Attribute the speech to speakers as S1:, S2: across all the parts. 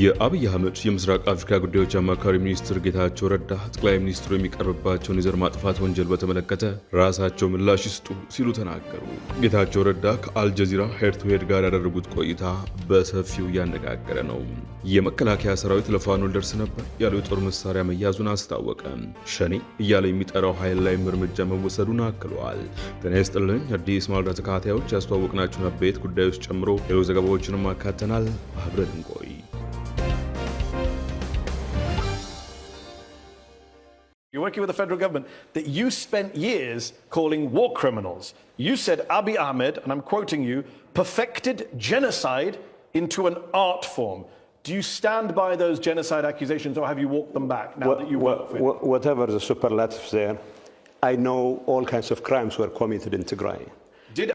S1: የአብይ አህመድ የምስራቅ አፍሪካ ጉዳዮች አማካሪ ሚኒስትር ጌታቸው ረዳ ጠቅላይ ሚኒስትሩ የሚቀርብባቸውን የዘር ማጥፋት ወንጀል በተመለከተ ራሳቸው ምላሽ ይስጡ ሲሉ ተናገሩ። ጌታቸው ረዳ ከአልጀዚራ ሄድ ቱ ሄድ ጋር ያደረጉት ቆይታ በሰፊው እያነጋገረ ነው። የመከላከያ ሰራዊት ለፋኖ ደርስ ነበር ያለው የጦር መሳሪያ መያዙን አስታወቀ። ሸኔ እያለ የሚጠራው ኃይል ላይም እርምጃ መወሰዱን አክለዋል። ጤና ይስጥልኝ አዲስ ማለዳ ተካታዮች ያስተዋወቅናችሁን አበይት ጉዳዮች ጨምሮ ሌሎች ዘገባዎችንም አካተናል። አብረን እንቆይ።
S2: working with the federal government that you spent years calling war criminals. You said Abiy Ahmed, and I'm quoting you, perfected genocide into an art form. Do you stand by those genocide accusations or have you walked them back now what, that you work with?
S3: whatever the superlatives there, I know all kinds of crimes were committed in Tigray.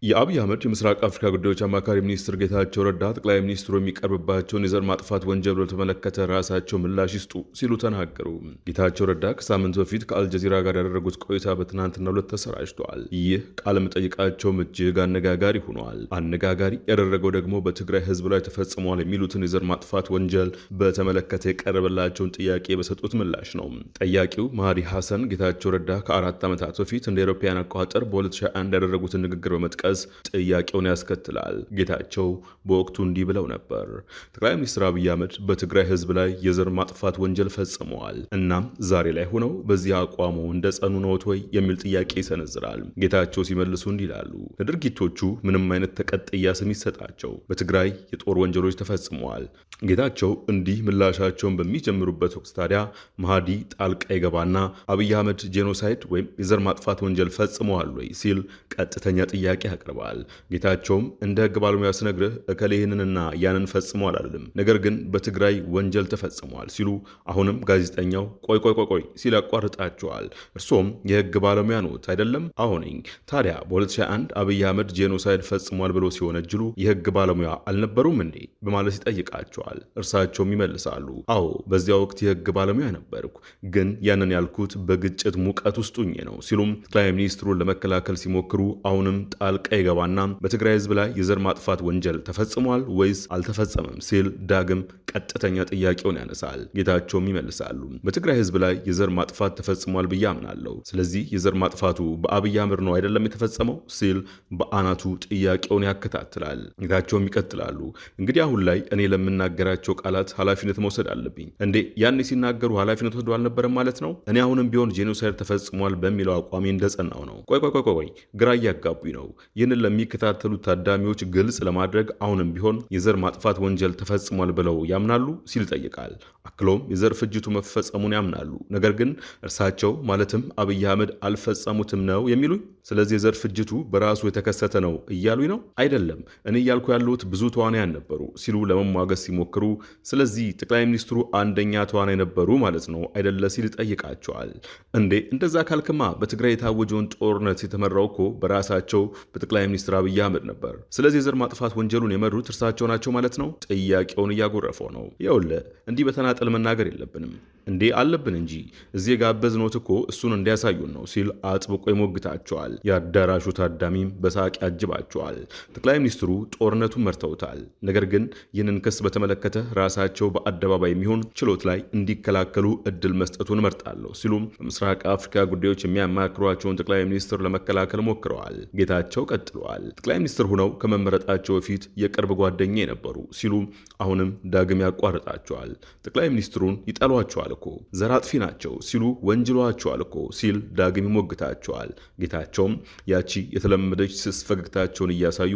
S1: የአብይ አህመድ የምስራቅ አፍሪካ ጉዳዮች አማካሪ ሚኒስትር ጌታቸው ረዳ ጠቅላይ ሚኒስትሩ የሚቀርብባቸውን የዘር ማጥፋት ወንጀል በተመለከተ ራሳቸው ምላሽ ይስጡ ሲሉ ተናገሩ። ጌታቸው ረዳ ከሳምንት በፊት ከአልጀዚራ ጋር ያደረጉት ቆይታ በትናንትናው ዕለት ተሰራጭቷል። ይህ ቃለ መጠይቃቸውም እጅግ አነጋጋሪ ሆኗል። አነጋጋሪ ያደረገው ደግሞ በትግራይ ህዝብ ላይ ተፈጽሟል የሚሉትን የዘር ማጥፋት ወንጀል በተመለከተ የቀረበላቸውን ጥያቄ በሰጡት ምላሽ ነው። ጠያቂው መሃዲ ሐሰን ጌታቸው ረዳ ከአራት ዓመታት በፊት እንደ አውሮፓውያን አቆጣጠር በ2021 ያደረጉትን ንግግር በመ መጥቀስ ጥያቄውን ያስከትላል። ጌታቸው በወቅቱ እንዲህ ብለው ነበር። ጠቅላይ ሚኒስትር አብይ አህመድ በትግራይ ህዝብ ላይ የዘር ማጥፋት ወንጀል ፈጽመዋል። እናም ዛሬ ላይ ሆነው በዚህ አቋሙ እንደ ጸኑ ነዎት ወይ የሚል ጥያቄ ይሰነዝራል። ጌታቸው ሲመልሱ እንዲህ ይላሉ። ለድርጊቶቹ ምንም አይነት ተቀጥያ ስም ይሰጣቸው፣ በትግራይ የጦር ወንጀሎች ተፈጽመዋል። ጌታቸው እንዲህ ምላሻቸውን በሚጀምሩበት ወቅት ታዲያ መሃዲ ጣልቃ ይገባና አብይ አህመድ ጄኖሳይድ ወይም የዘር ማጥፋት ወንጀል ፈጽመዋል ወይ ሲል ቀጥተኛ ጥያቄ ጥያቄ ያቀርባል። ጌታቸውም እንደ ህግ ባለሙያ ስነግርህ እከሌ ይህንንና ያንን ፈጽሟል አላልልም፣ ነገር ግን በትግራይ ወንጀል ተፈጽሟል ሲሉ አሁንም ጋዜጠኛው ቆይ ቆይ ቆይ ቆይ ሲል አቋርጣቸዋል። እርሶም የህግ ባለሙያ ኖት አይደለም? አሁንኝ ታዲያ በ2001 አብይ አህመድ ጄኖሳይድ ፈጽሟል ብሎ ሲወነጅሉ የህግ ባለሙያ አልነበሩም እንዴ? በማለት ይጠይቃቸዋል። እርሳቸውም ይመልሳሉ፣ አዎ በዚያ ወቅት የህግ ባለሙያ ነበርኩ፣ ግን ያንን ያልኩት በግጭት ሙቀት ውስጡኝ ነው ሲሉም ጠቅላይ ሚኒስትሩን ለመከላከል ሲሞክሩ አሁንም ጣልቃ ይገባና በትግራይ ህዝብ ላይ የዘር ማጥፋት ወንጀል ተፈጽሟል ወይስ አልተፈጸመም ሲል ዳግም ቀጥተኛ ጥያቄውን ያነሳል። ጌታቸውም ይመልሳሉ፣ በትግራይ ህዝብ ላይ የዘር ማጥፋት ተፈጽሟል ብዬ አምናለሁ። ስለዚህ የዘር ማጥፋቱ በአብይ አህመድ ነው አይደለም የተፈጸመው ሲል በአናቱ ጥያቄውን ያከታትላል። ጌታቸውም ይቀጥላሉ፣ እንግዲህ አሁን ላይ እኔ ለምናገራቸው ቃላት ኃላፊነት መውሰድ አለብኝ። እንዴ ያኔ ሲናገሩ ኃላፊነት ወስዶ አልነበረም ማለት ነው? እኔ አሁንም ቢሆን ጄኖሳይድ ተፈጽሟል በሚለው አቋሚ እንደጸናው ነው። ቆይ ቆይ ቆይ ቆይ፣ ግራ እያጋቡኝ ነው። ይህንን ለሚከታተሉ ታዳሚዎች ግልጽ ለማድረግ አሁንም ቢሆን የዘር ማጥፋት ወንጀል ተፈጽሟል ብለው ያምናሉ ሲል ይጠይቃል። አክሎም የዘር ፍጅቱ መፈጸሙን ያምናሉ። ነገር ግን እርሳቸው ማለትም አብይ አህመድ አልፈጸሙትም ነው የሚሉኝ? ስለዚህ የዘር ፍጅቱ በራሱ የተከሰተ ነው እያሉኝ ነው? አይደለም። እኔ እያልኩ ያሉት ብዙ ተዋና ነበሩ ሲሉ ለመሟገስ ሲሞክሩ፣ ስለዚህ ጠቅላይ ሚኒስትሩ አንደኛ ተዋናይ ነበሩ ማለት ነው አይደለ? ሲል ይጠይቃቸዋል። እንዴ እንደዛ ካልክማ በትግራይ የታወጀውን ጦርነት የተመራው እኮ በራሳቸው በጠቅላይ ሚኒስትር አብይ አህመድ ነበር። ስለዚህ የዘር ማጥፋት ወንጀሉን የመሩት እርሳቸው ናቸው ማለት ነው? ጥያቄውን እያጎረፈው ነው። ይኸውልህ እንዲህ በተና በተናጠል መናገር የለብንም። እንዴ አለብን እንጂ እዚህ የጋበዝነውት እኮ እሱን እንዲያሳዩን ነው ሲል አጥብቆ ይሞግታቸዋል። የአዳራሹ ታዳሚም በሳቅ ያጅባቸዋል። ጠቅላይ ሚኒስትሩ ጦርነቱን መርተውታል። ነገር ግን ይህንን ክስ በተመለከተ ራሳቸው በአደባባይ የሚሆን ችሎት ላይ እንዲከላከሉ እድል መስጠቱን እመርጣለሁ ሲሉም በምስራቅ አፍሪካ ጉዳዮች የሚያማክሯቸውን ጠቅላይ ሚኒስትር ለመከላከል ሞክረዋል። ጌታቸው ቀጥለዋል። ጠቅላይ ሚኒስትር ሆነው ከመመረጣቸው በፊት የቅርብ ጓደኛ የነበሩ ሲሉ አሁንም ዳግም ያቋርጣቸዋል። ጠቅላይ ሚኒስትሩን ይጠሏቸዋል እኮ ዘራጥፊ ናቸው ሲሉ ወንጅሏቸዋል እኮ ሲል ዳግም ይሞግታቸዋል። ጌታቸውም ያቺ የተለመደች ስስ ፈገግታቸውን እያሳዩ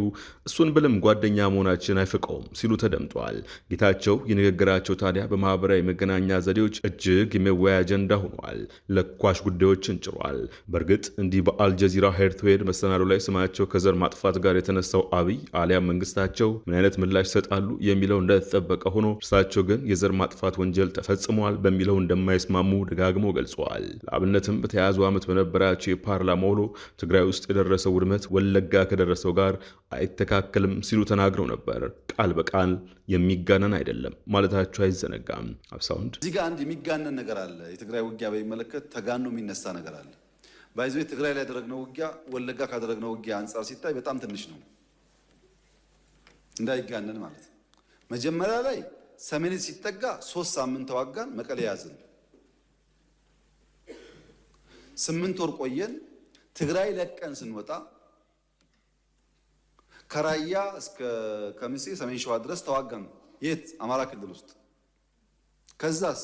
S1: እሱን ብልም ጓደኛ መሆናችን አይፍቀውም ሲሉ ተደምጠዋል። ጌታቸው የንግግራቸው ታዲያ በማህበራዊ መገናኛ ዘዴዎች እጅግ የመወያ አጀንዳ ሆኗል። ለኳሽ ጉዳዮችን ጭሯል። በእርግጥ እንዲህ በአልጀዚራ ሄርትዌድ መሰናዶ ላይ ስማቸው ከዘር ማጥፋት ጋር የተነሳው አብይ አሊያም መንግስታቸው ምን አይነት ምላሽ ይሰጣሉ የሚለው እንደተጠበቀ ሆኖ እርሳቸው ግን የዘር ማጥፋት ወንጀል ተፈጽሟል በሚል በሚለው እንደማይስማሙ ደጋግሞ ገልጸዋል። ለአብነትም በተያዙ ዓመት በነበራቸው የፓርላማ ውሎ ትግራይ ውስጥ የደረሰው ውድመት ወለጋ ከደረሰው ጋር አይተካከልም ሲሉ ተናግረው ነበር። ቃል በቃል የሚጋነን አይደለም ማለታቸው አይዘነጋም። አብሳውንድ
S4: እዚህ ጋር አንድ የሚጋነን ነገር አለ። የትግራይ ውጊያ በሚመለከት ተጋኖ የሚነሳ ነገር አለ። ባይዘ ትግራይ ላይ ያደረግነው ውጊያ ወለጋ ካደረግነው ውጊያ አንጻር ሲታይ በጣም ትንሽ ነው፣ እንዳይጋነን ማለት መጀመሪያ ላይ ሰሜንን ሲጠጋ ሶስት ሳምንት ተዋጋን፣ መቀሌ ያዝን። ስምንት ወር ቆየን። ትግራይ ለቀን ስንወጣ ከራያ እስከ ከሚሴ ሰሜን ሸዋ ድረስ ተዋጋን። የት አማራ ክልል ውስጥ። ከዛስ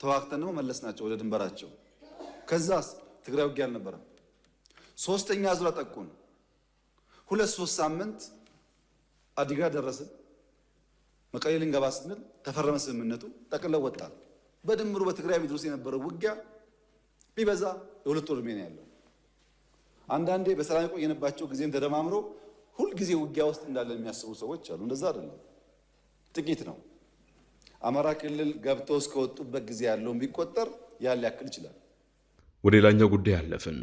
S4: ተዋግተን ደግሞ መለስ ናቸው ወደ ድንበራቸው። ከዛስ ትግራይ ውጊያ አልነበረም። ሶስተኛ ዙር ጠቁን። ሁለት ሶስት ሳምንት አዲጋ ደረስን። መቀሌ ልንገባ ስንል ተፈረመ ስምምነቱ፣ ጠቅልለው ወጣል። በድምሩ በትግራይ ምድር ውስጥ የነበረው ውጊያ ቢበዛ የሁለት ወር ዕድሜ ነው ያለው። አንዳንዴ በሰላም የቆየንባቸው ጊዜም ተደማምሮ ሁልጊዜ ውጊያ ውስጥ እንዳለን የሚያስቡ ሰዎች አሉ። እንደዛ አይደለም፣ ጥቂት ነው። አማራ ክልል ገብተው እስከወጡበት ጊዜ ያለውን ቢቆጠር ያለ ያክል ይችላል።
S1: ወደ ሌላኛው ጉዳይ አለፍን።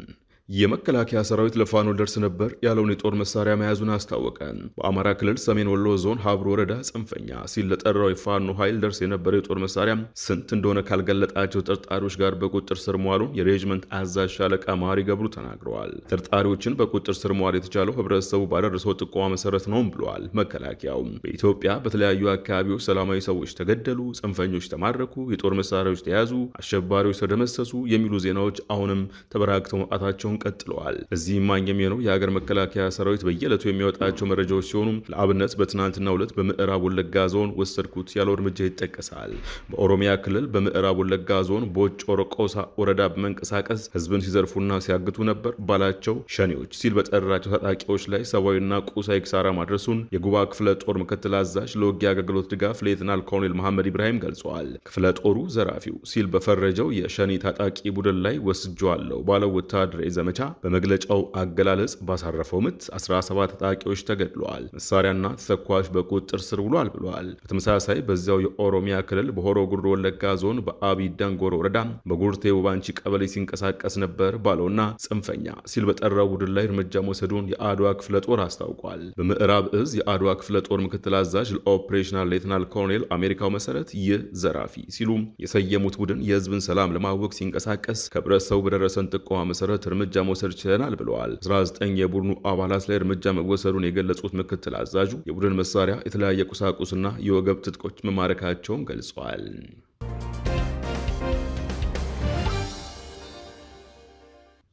S1: የመከላከያ ሰራዊት ለፋኖ ደርስ ነበር ያለውን የጦር መሳሪያ መያዙን አስታወቀ። በአማራ ክልል ሰሜን ወሎ ዞን ሀብሮ ወረዳ ጽንፈኛ ሲል ለጠራው የፋኖ ኃይል ደርስ የነበረው የጦር መሳሪያ ስንት እንደሆነ ካልገለጣቸው ጠርጣሪዎች ጋር በቁጥጥር ስር መዋሉን የሬጅመንት አዛዥ ሻለቃ ማሪ ገብሩ ተናግረዋል። ጠርጣሪዎችን በቁጥጥር ስር መዋል የተቻለው ህብረተሰቡ ባደረሰው ጥቆማ መሰረት ነውም ብለዋል። መከላከያው በኢትዮጵያ በተለያዩ አካባቢዎች ሰላማዊ ሰዎች ተገደሉ፣ ጽንፈኞች ተማረኩ፣ የጦር መሳሪያዎች ተያዙ፣ አሸባሪዎች ተደመሰሱ የሚሉ ዜናዎች አሁንም ተበራክተው መውጣታቸውን ቀጥለዋል። እዚህ ማኝ የሚሆነው የሀገር መከላከያ ሰራዊት በየዕለቱ የሚያወጣቸው መረጃዎች ሲሆኑ ለአብነት በትናንትና ሁለት በምዕራብ ወለጋ ዞን ወሰድኩት ያለው እርምጃ ይጠቀሳል። በኦሮሚያ ክልል በምዕራብ ወለጋ ዞን በውጭ ኦሮቆሳ ወረዳ በመንቀሳቀስ ህዝብን ሲዘርፉና ሲያግቱ ነበር ባላቸው ሸኔዎች ሲል በጠራቸው ታጣቂዎች ላይ ሰብአዊና ቁሳዊ ኪሳራ ማድረሱን የጉባ ክፍለ ጦር ምክትል አዛዥ ለውጊያ አገልግሎት ድጋፍ ሌትናል ኮሎኔል መሐመድ ኢብራሂም ገልጸዋል። ክፍለ ጦሩ ዘራፊው ሲል በፈረጀው የሸኔ ታጣቂ ቡድን ላይ ወስጀዋለሁ ባለው ወታደር ዘመቻ በመግለጫው አገላለጽ ባሳረፈው ምት 17 ታጣቂዎች ተገድለዋል፣ መሳሪያና ተተኳሽ በቁጥጥር ስር ውሏል ብለዋል። በተመሳሳይ በዚያው የኦሮሚያ ክልል በሆሮ ጉድሮ ወለጋ ዞን በአቢ ዳንጎሮ ወረዳ በጉርቴ ውባንቺ ቀበሌ ሲንቀሳቀስ ነበር ባለውና ጽንፈኛ ሲል በጠራው ቡድን ላይ እርምጃ መውሰዱን የአድዋ ክፍለ ጦር አስታውቋል። በምዕራብ እዝ የአድዋ ክፍለ ጦር ምክትል አዛዥ ለኦፕሬሽናል ሌትናል ኮሎኔል አሜሪካው መሰረት ይህ ዘራፊ ሲሉ የሰየሙት ቡድን የህዝብን ሰላም ለማወቅ ሲንቀሳቀስ ከህብረተሰቡ በደረሰን ጥቆማ መሰረት እርምጃ እርምጃ መውሰድ ችለናል ብለዋል። 19 የቡድኑ አባላት ላይ እርምጃ መወሰዱን የገለጹት ምክትል አዛዡ የቡድን መሳሪያ፣ የተለያየ ቁሳቁስና የወገብ ትጥቆች መማረካቸውን ገልጸዋል።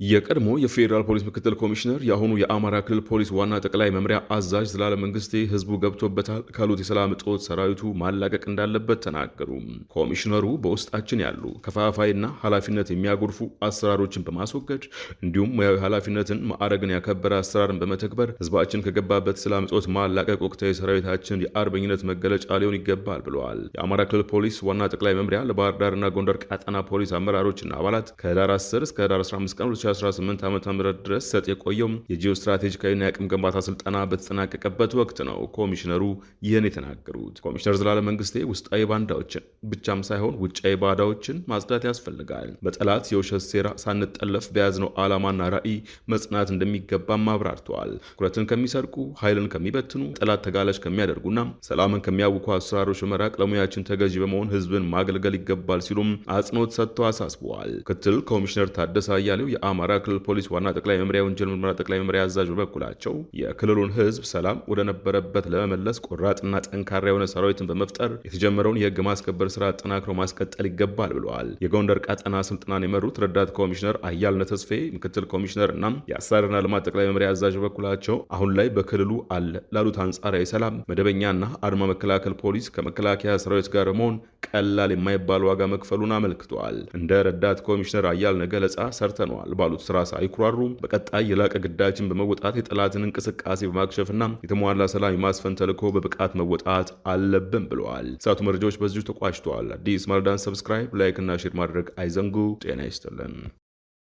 S1: የቀድሞ የፌዴራል ፖሊስ ምክትል ኮሚሽነር የአሁኑ የአማራ ክልል ፖሊስ ዋና ጠቅላይ መምሪያ አዛዥ ዘላለ መንግስቴ ህዝቡ ገብቶበታል ካሉት የሰላም እጦት ሰራዊቱ ማላቀቅ እንዳለበት ተናገሩ። ኮሚሽነሩ በውስጣችን ያሉ ከፋፋይና ኃላፊነት የሚያጎድፉ አሰራሮችን በማስወገድ እንዲሁም ሙያዊ ኃላፊነትን፣ ማዕረግን ያከበረ አሰራርን በመተግበር ህዝባችን ከገባበት ሰላም እጦት ማላቀቅ ወቅታዊ ሰራዊታችን የአርበኝነት መገለጫ ሊሆን ይገባል ብለዋል። የአማራ ክልል ፖሊስ ዋና ጠቅላይ መምሪያ ለባህር ዳርና ጎንደር ቀጠና ፖሊስ አመራሮችና አባላት ከህዳር 10 እስከ ህዳር 15 ቀን 2018 ዓ ም ድረስ ሰጥ የቆየው የጂኦ ስትራቴጂካዊና የአቅም ግንባታ ስልጠና በተጠናቀቀበት ወቅት ነው ኮሚሽነሩ ይህን የተናገሩት። ኮሚሽነር ዘላለም መንግስቴ ውስጣዊ ባንዳዎችን ብቻም ሳይሆን ውጫዊ ባዳዎችን ማጽዳት ያስፈልጋል። በጠላት የውሸት ሴራ ሳንጠለፍ በያዝነው ዓላማና ራዕይ መጽናት እንደሚገባም አብራርተዋል። ትኩረትን ከሚሰርቁ ኃይልን ከሚበትኑ ጠላት ተጋላጭ ከሚያደርጉና ሰላምን ከሚያውኩ አሰራሮች በመራቅ ለሙያችን ተገዢ በመሆን ህዝብን ማገልገል ይገባል ሲሉም አጽንኦት ሰጥተው አሳስበዋል። ክትል ኮሚሽነር ታደሰ አያሌው የአ በአማራ ክልል ፖሊስ ዋና ጠቅላይ መምሪያ ወንጀል ምርመራ ጠቅላይ መምሪያ አዛዥ በበኩላቸው የክልሉን ህዝብ ሰላም ወደነበረበት ለመመለስ ቆራጥና ጠንካራ የሆነ ሰራዊትን በመፍጠር የተጀመረውን የህግ ማስከበር ስራ አጠናክሮ ማስቀጠል ይገባል ብለዋል። የጎንደር ቀጠና ስልጠናን የመሩት ረዳት ኮሚሽነር አያልነ ተስፌ፣ ምክትል ኮሚሽነር እና የአሰራርና ልማት ጠቅላይ መምሪያ አዛዥ በበኩላቸው አሁን ላይ በክልሉ አለ ላሉት አንጻራዊ ሰላም መደበኛና አድማ መከላከል ፖሊስ ከመከላከያ ሰራዊት ጋር መሆን ቀላል የማይባል ዋጋ መክፈሉን አመልክተዋል። እንደ ረዳት ኮሚሽነር አያልነ ገለጻ ሰርተነዋል ባሉት ስራ ሳይኩራሩ በቀጣይ የላቀ ግዳጅን በመወጣት የጠላትን እንቅስቃሴ በማክሸፍና የተሟላ ሰላም የማስፈን ተልዕኮ በብቃት መወጣት አለብን ብለዋል። ሰዓቱ መረጃዎች በዚሁ ተቋጭተዋል። አዲስ ማለዳን ሰብስክራይብ፣ ላይክ እና ሼር ማድረግ አይዘንጉ። ጤና ይስጥልን።